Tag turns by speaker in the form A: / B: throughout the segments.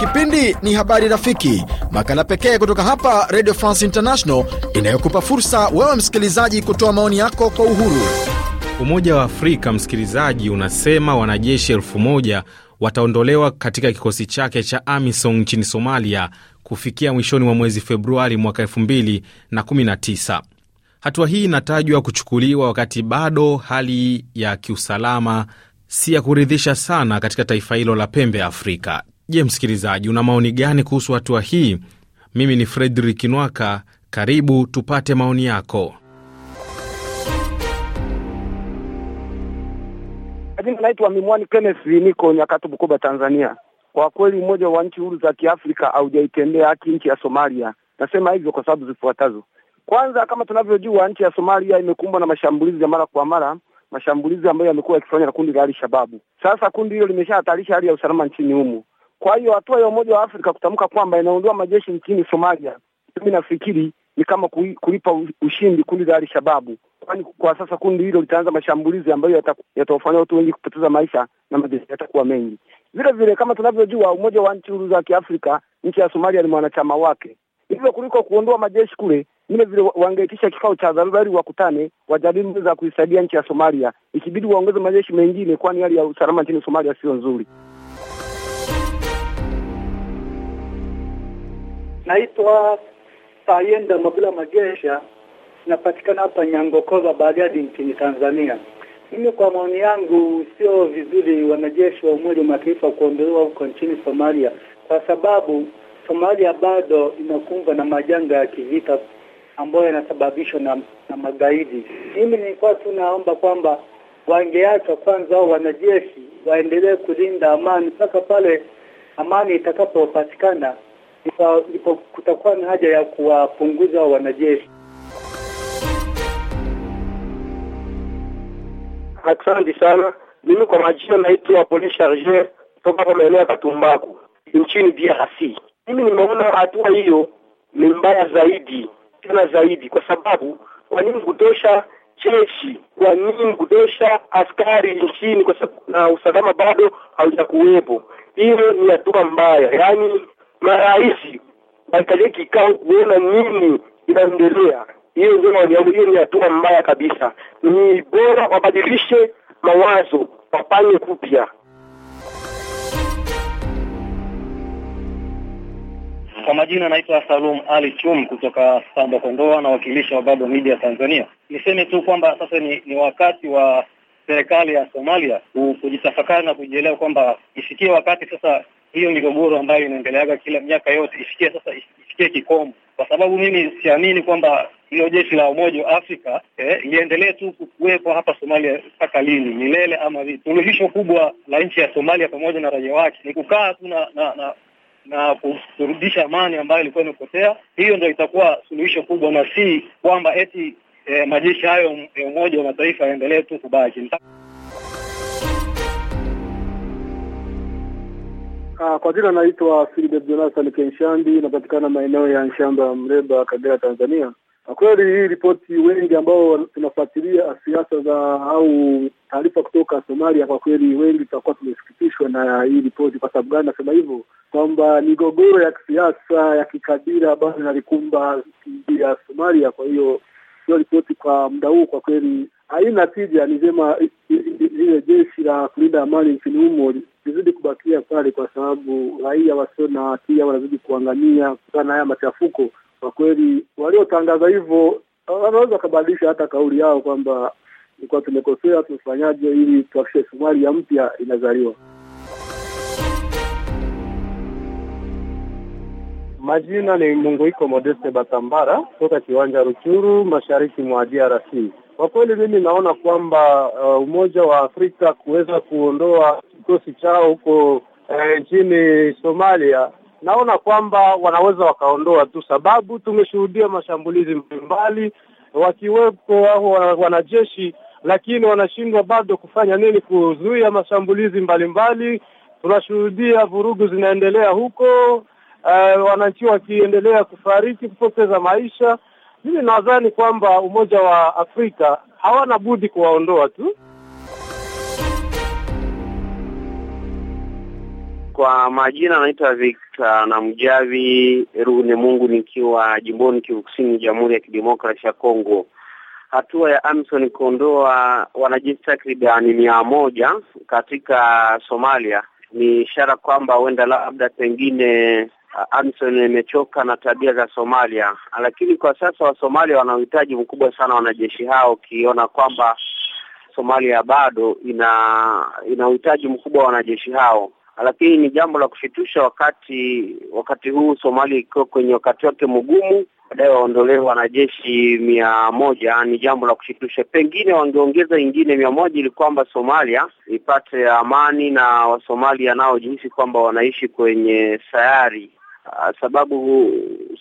A: Kipindi ni Habari Rafiki, makala pekee kutoka hapa Radio France International inayokupa fursa wewe msikilizaji kutoa maoni yako kwa uhuru. Umoja wa Afrika, msikilizaji, unasema wanajeshi 1 wataondolewa katika kikosi chake cha amison nchini Somalia kufikia mwishoni mwa mwezi Februari mwaka 219 Hatua hii inatajwa kuchukuliwa wakati bado hali ya kiusalama si ya kuridhisha sana katika taifa hilo la pembe ya Afrika. Je, msikilizaji, una maoni gani kuhusu hatua hii? Mimi ni Fredrik Nwaka, karibu tupate maoni yako.
B: Jina naitwa Mimwani Kenneth, niko Nyakato, Bukoba, Tanzania. Kwa kweli Umoja wa Nchi Huru za Kiafrika haujaitendea haki nchi ya Somalia. Nasema hivyo kwa sababu zifuatazo. Kwanza, kama tunavyojua, nchi ya Somalia imekumbwa na mashambulizi ya mara kwa mara mashambulizi ambayo yamekuwa yakifanywa na kundi la al Sasa kundi hilo limeshahatarisha hali ya usalama nchini humo. Kwa hiyo hatua ya Umoja wa Afrika kutamka kwamba inaondoa majeshi nchini Somalia, mimi nafikiri ni kama kulipa ushindi kundi la Al-Shababu, kwani kwa sasa kundi hilo litaanza mashambulizi ambayo yatawafanya watu wengi kupoteza maisha na majeshi yatakuwa mengi. Vile vile kama tunavyojua, Umoja wa Nchi Huru za Kiafrika, nchi ya Somalia ni mwanachama wake, hivyo kuliko kuondoa majeshi kule vile vile wangeitisha kikao cha dharura wakutane, wajadili za kuisaidia nchi ya Somalia, ikibidi waongeze majeshi mengine, kwani hali ya usalama nchini Somalia sio nzuri. Naitwa Sayenda Mabula Magesha, napatikana hapa Nyangokoza, Bariadi, nchini Tanzania. Mimi kwa maoni yangu, sio vizuri wanajeshi wa Umoja wa Mataifa kuondolewa huko nchini Somalia, kwa sababu Somalia bado inakumbwa na majanga ya kivita ambayo yanasababishwa na, na magaidi. Mimi nilikuwa tu naomba kwamba wangeachwa kwanza au wanajeshi waendelee kulinda amani mpaka pale amani itakapopatikana, ndipo kutakuwa na haja ya kuwapunguza wanajeshi. Asante sana. Mimi kwa majina naitwa Pole Charger kutoka hapa maeneo ya Katumbaku nchini DRC. Mimi nimeona hatua hiyo ni mbaya zaidi tena zaidi, kwa sababu kwa nini kutosha jeshi? Kwa nini kutosha askari nchini? Kwa sababu na usalama bado haujakuwepo. Hiyo ni hatua mbaya, yaani marais waikalie kikao kuona nini inaendelea. Hiyo ndio maoni yangu, hiyo ni hatua mbaya kabisa. Ni bora wabadilishe mawazo, wapanye kupya. Kwa majina naitwa Salum Ali Chum kutoka Samba Kondoa na wakilishi wa Global Media Tanzania. Niseme tu kwamba sasa ni, ni wakati wa serikali ya Somalia kujitafakari na kujielewa kwamba ifikie wakati sasa hiyo migogoro ambayo inaendeleaga kila miaka yote ifikie sasa ifikie kikomo, kwa sababu mimi siamini kwamba hilo jeshi la Umoja wa Afrika eh, liendelee tu kuwepo hapa Somalia mpaka lini, milele ama vipi? Suluhisho kubwa la nchi ya Somalia pamoja na raia wake ni kukaa tu na, na, na na kurudisha amani ambayo ilikuwa imepotea. Hiyo ndio itakuwa suluhisho kubwa, na si kwamba eti e, majeshi hayo ya Umoja wa Mataifa yaendelee tu kubaki. Ah, kwa jina naitwa Philip Jonathan Kenshandi, napatikana maeneo ya Nshamba, Mreba, Kagera, Tanzania. Kwa kweli hii ripoti, wengi ambao tunafuatilia siasa za au taarifa kutoka Somalia, kwa kweli wengi tutakuwa tumesikitishwa na hii ripoti. Kwa sababu gani nasema hivyo? Kwamba migogoro ya kisiasa ya kikabila bado inalikumba nchi ya Somalia. Kwa hiyo hiyo ripoti kwa muda huu kwa kweli haina tija. Ni vyema lile jeshi la kulinda amani nchini humo lizidi kubakia pale, kwa sababu raia wasio na hatia wanazidi kuangamia kutokana na haya machafuko. Kwa kweli waliotangaza hivyo wanaweza wakabadilisha hata kauli yao kwamba tulikuwa tumekosea, tufanyaje ili tuhakishe Somalia ya mpya inazaliwa. Majina ni iko Modeste Batambara kutoka kiwanja Ruchuru, mashariki mwa DRC. Kwa kweli mimi naona kwamba uh, Umoja wa Afrika kuweza kuondoa kikosi chao huko uh, nchini eh, Somalia, naona kwamba wanaweza wakaondoa tu, sababu tumeshuhudia mashambulizi mbalimbali wakiwepo hao wanajeshi lakini wanashindwa bado kufanya nini kuzuia mashambulizi mbalimbali. Tunashuhudia vurugu zinaendelea huko, uh, wananchi wakiendelea kufariki, kupoteza maisha. Mimi nadhani kwamba Umoja wa Afrika hawana budi kuwaondoa tu.
C: Kwa majina anaitwa Victor na Mjavi Ruhune Mungu, nikiwa jimboni Kivu Kusini, Jamhuri ya Kidemokrasia ya Kongo hatua ya amson kuondoa wanajeshi takribani mia moja katika Somalia ni ishara kwamba huenda labda pengine uh, imechoka na tabia za Somalia, lakini kwa sasa Wasomalia wana uhitaji mkubwa sana wanajeshi hao, ukiona kwamba Somalia bado ina ina uhitaji mkubwa wa wanajeshi hao, lakini ni jambo la kushitusha wakati wakati huu Somalia ikiwa kwenye wakati wake mgumu baadaye waondolewe wanajeshi mia moja ni jambo la kushitusha. Pengine wangeongeza ingine mia moja ili kwamba Somalia ipate amani na Wasomalia jinsi kwamba wanaishi kwenye sayari Uh, sababu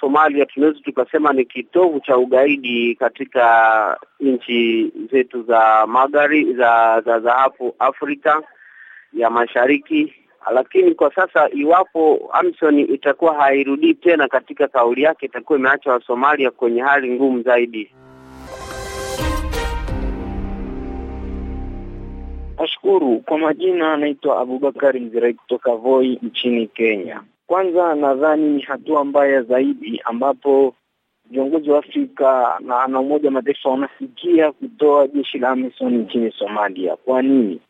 C: Somalia tunaweza tukasema ni kitovu cha ugaidi katika nchi zetu za magari za, za, za hapo Afrika ya Mashariki lakini kwa sasa iwapo Amson itakuwa hairudii tena katika kauli yake, itakuwa imeacha Wasomalia kwenye hali ngumu zaidi. Nashukuru. Kwa majina anaitwa Abubakari Mzirai kutoka Voi nchini Kenya. Kwanza nadhani ni hatua mbaya zaidi ambapo viongozi wa Afrika na na Umoja wa Mataifa wanafikia kutoa jeshi la amison nchini Somalia. Kwa nini?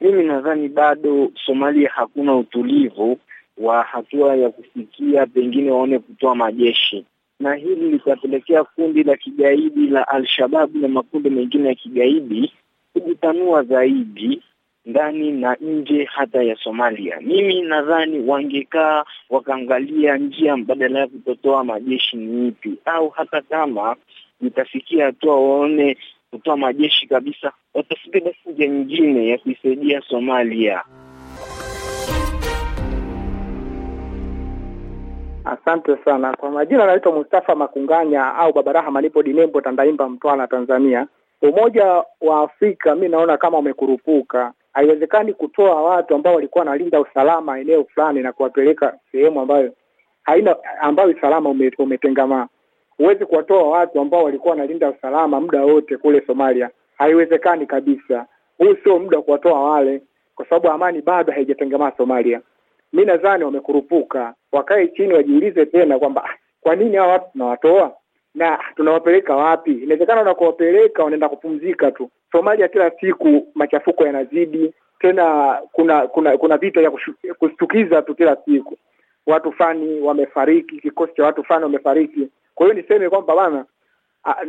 C: mimi nadhani bado Somalia hakuna utulivu wa hatua ya kufikia pengine waone kutoa majeshi, na hili litapelekea kundi la kigaidi la Al-Shabaab na makundi mengine ya kigaidi kujitanua zaidi ndani na nje hata ya Somalia. Mimi nadhani wangekaa wakaangalia njia mbadala ya kutotoa majeshi ni ipi, au hata kama itafikia hatua waone kutoa majeshi kabisa, basi fursa nyingine ya kuisaidia Somalia.
D: Asante sana kwa majina, anaitwa Mustafa Makunganya au Baba Raha Malipo Dinembo, Tandaimba, Mtwara, Tanzania. Umoja wa Afrika mi naona kama umekurupuka. Haiwezekani kutoa watu ambao walikuwa wanalinda usalama eneo fulani na kuwapeleka sehemu ambayo haina ambayo usalama umetengamaa. Huwezi kuwatoa watu ambao walikuwa wanalinda usalama muda wote kule Somalia, haiwezekani kabisa. Huu sio muda wa kuwatoa wale, kwa sababu amani bado haijatengemaa Somalia. Mi nadhani wamekurupuka, wakae chini wajiulize tena kwamba ah, kwa nini hawa watu tunawatoa na tunawapeleka wapi? Inawezekana unakowapeleka wanaenda kupumzika tu. Somalia kila siku machafuko yanazidi, tena kuna kuna kuna vita vya kushtukiza tu kila siku, watu fani wamefariki, kikosi cha watu fani wamefariki. Kwa hiyo niseme kwamba bana,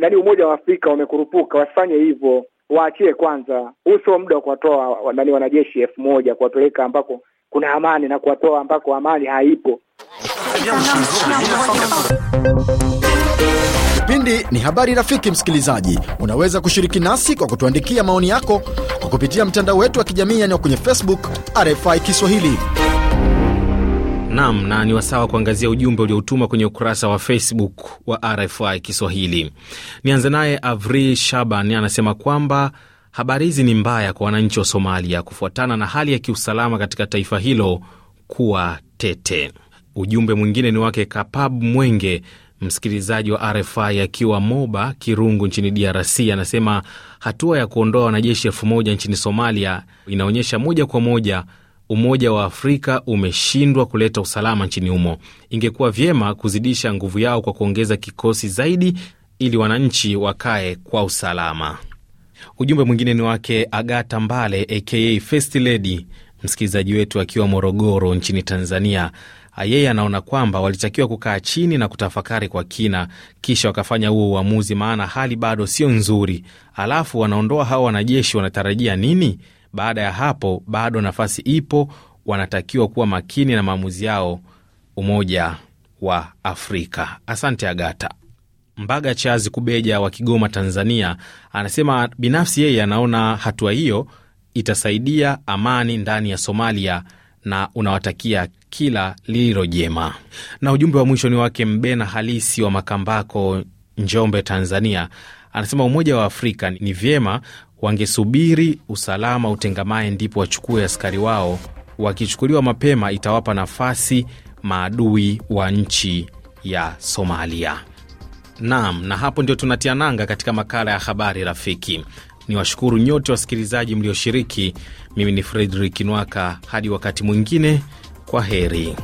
D: yaani Umoja wa Afrika wamekurupuka, wasifanye hivyo, waachie kwanza. Huu sio muda wa kuwatoa nani wanajeshi elfu moja kuwapeleka ambako kuna amani na kuwatoa ambako amani haipo.
A: Kipindi ni habari. Rafiki msikilizaji, unaweza kushiriki nasi kwa kutuandikia maoni yako kwa kupitia mtandao wetu wa kijamii, yaani kwenye Facebook RFI Kiswahili. Nam na ni wasawa kuangazia ujumbe ulioutuma kwenye ukurasa wa Facebook wa RFI Kiswahili. Nianze naye Avri Shaban anasema kwamba habari hizi ni mbaya kwa wananchi wa Somalia kufuatana na hali ya kiusalama katika taifa hilo kuwa tete. Ujumbe mwingine ni wake Kapab Mwenge, msikilizaji wa RFI akiwa Moba Kirungu nchini DRC, anasema hatua ya kuondoa wanajeshi elfu moja nchini Somalia inaonyesha moja kwa moja Umoja wa Afrika umeshindwa kuleta usalama nchini humo. Ingekuwa vyema kuzidisha nguvu yao kwa kuongeza kikosi zaidi ili wananchi wakae kwa usalama. Ujumbe mwingine ni wake Agata Mbale aka First Lady, msikilizaji wetu akiwa Morogoro nchini Tanzania. Yeye anaona kwamba walitakiwa kukaa chini na kutafakari kwa kina, kisha wakafanya huo uamuzi, maana hali bado sio nzuri. Alafu wanaondoa hawa wanajeshi, wanatarajia nini? Baada ya hapo, bado nafasi ipo, wanatakiwa kuwa makini na maamuzi yao. Umoja wa Afrika. Asante Agata. Mbaga Chazi Kubeja wa Kigoma, Tanzania, anasema binafsi yeye anaona hatua hiyo itasaidia amani ndani ya Somalia na unawatakia kila lililo jema. Na ujumbe wa mwisho ni wake Mbena Halisi wa Makambako, Njombe, Tanzania, anasema umoja wa Afrika ni vyema Wangesubiri usalama utengamae, ndipo wachukue askari wao. Wakichukuliwa mapema, itawapa nafasi maadui wa nchi ya Somalia. Naam, na hapo ndio tunatia nanga katika makala ya habari rafiki. Ni washukuru nyote wasikilizaji mlioshiriki. Mimi ni Fredrik Nwaka, hadi wakati mwingine, kwa heri.